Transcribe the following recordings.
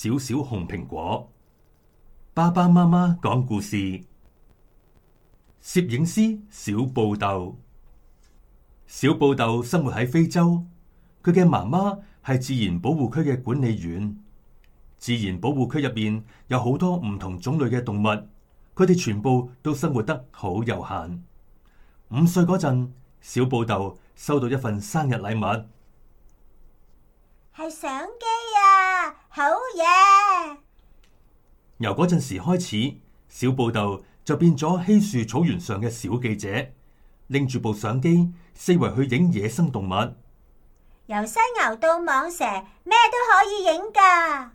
小小紅蘋果，爸爸媽媽講故事。攝影師小布豆，小布豆生活喺非洲，佢嘅媽媽係自然保護區嘅管理員。自然保護區入邊有好多唔同種類嘅動物，佢哋全部都生活得好悠閒。五歲嗰陣，小布豆收到一份生日禮物，係相機啊！由嗰陣時開始，小報道就變咗稀樹草原上嘅小記者，拎住部相機四圍去影野生動物。由犀牛到蟒蛇，咩都可以影㗎。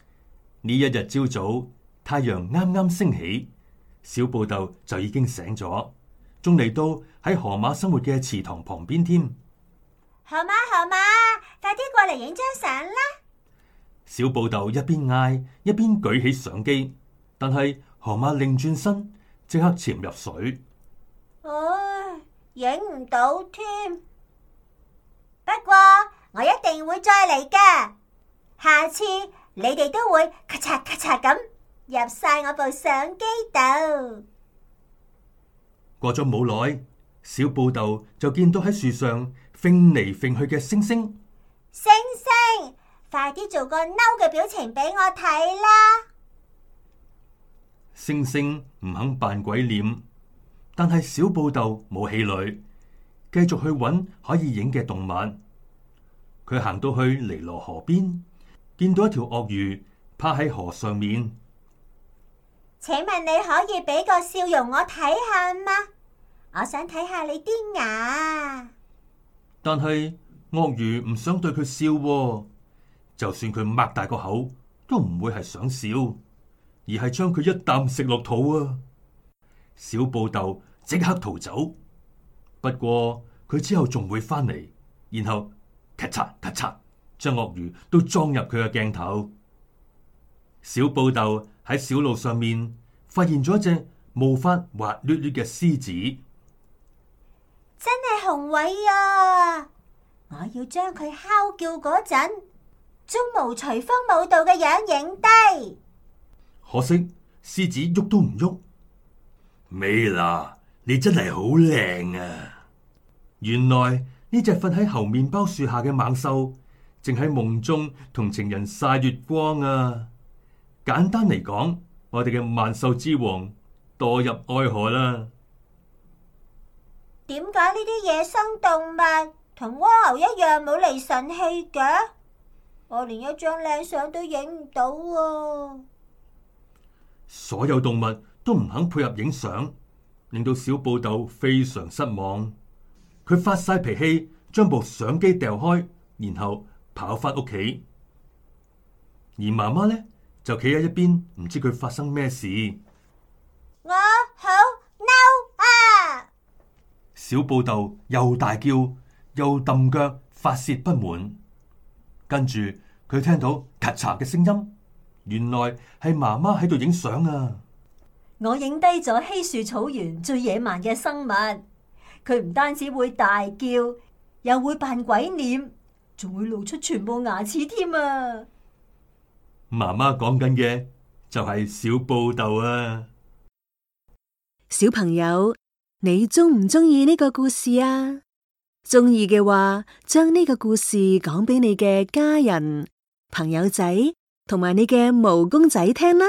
呢一日朝早，太陽啱啱升起，小報道就已經醒咗，仲嚟到喺河馬生活嘅池塘旁邊添。河馬河馬，快啲過嚟影張相啦！小報道一邊嗌，一邊舉起相機。但係河馬擰轉身，即刻潛入水。唉，影唔到添。不過我一定會再嚟噶。下次你哋都會咔嚓咔嚓咁入晒我部相機度。過咗冇耐，小布豆就見到喺樹上揈嚟揈去嘅星星。星星，快啲做個嬲嘅表情俾我睇啦！星星唔肯扮鬼臉，但係小布豆冇氣餒，繼續去揾可以影嘅動物。佢行到去尼羅河邊，見到一條鱷魚趴喺河上面。請問你可以俾個笑容我睇下嗎？我想睇下你啲牙。但係鱷魚唔想對佢笑喎，就算佢擘大個口，都唔會係想笑，而係將佢一啖食落肚啊！小布豆即刻逃走，不過佢之後仲會翻嚟，然後咔嚓咔嚓將鱷魚都裝入佢嘅鏡頭。小布豆喺小路上面發現咗隻毛髮滑捋捋嘅獅子，真係雄偉啊！我要將佢敲叫嗰陣，鬃毛隨風舞蹈嘅樣影低。可惜獅子喐都唔喐。美娜，你真係好靚啊！原來呢隻瞓喺猴麵包樹下嘅猛獸，正喺夢中同情人晒月光啊！簡單嚟講，我哋嘅萬獸之王墮入愛河啦。點解呢啲野生動物同蝸牛一樣冇厘神氣嘅？我連一張靚相都影唔到啊！所有動物都唔肯配合影相，令到小布豆非常失望。佢發晒脾氣，將部相機掉開，然後跑翻屋企。而媽媽呢就企喺一邊，唔知佢發生咩事。我好嬲啊！No, ah! 小布豆又大叫又揼腳，發洩不滿。跟住佢聽到咔嚓嘅聲音。原來係媽媽喺度影相啊！我影低咗稀樹草原最野蠻嘅生物，佢唔單止會大叫，又會扮鬼臉，仲會露出全部牙齒添啊！媽媽講緊嘅就係小報道啊！小朋友，你中唔中意呢個故事啊？中意嘅話，將呢個故事講俾你嘅家人、朋友仔。同埋你嘅毛公仔聽啦。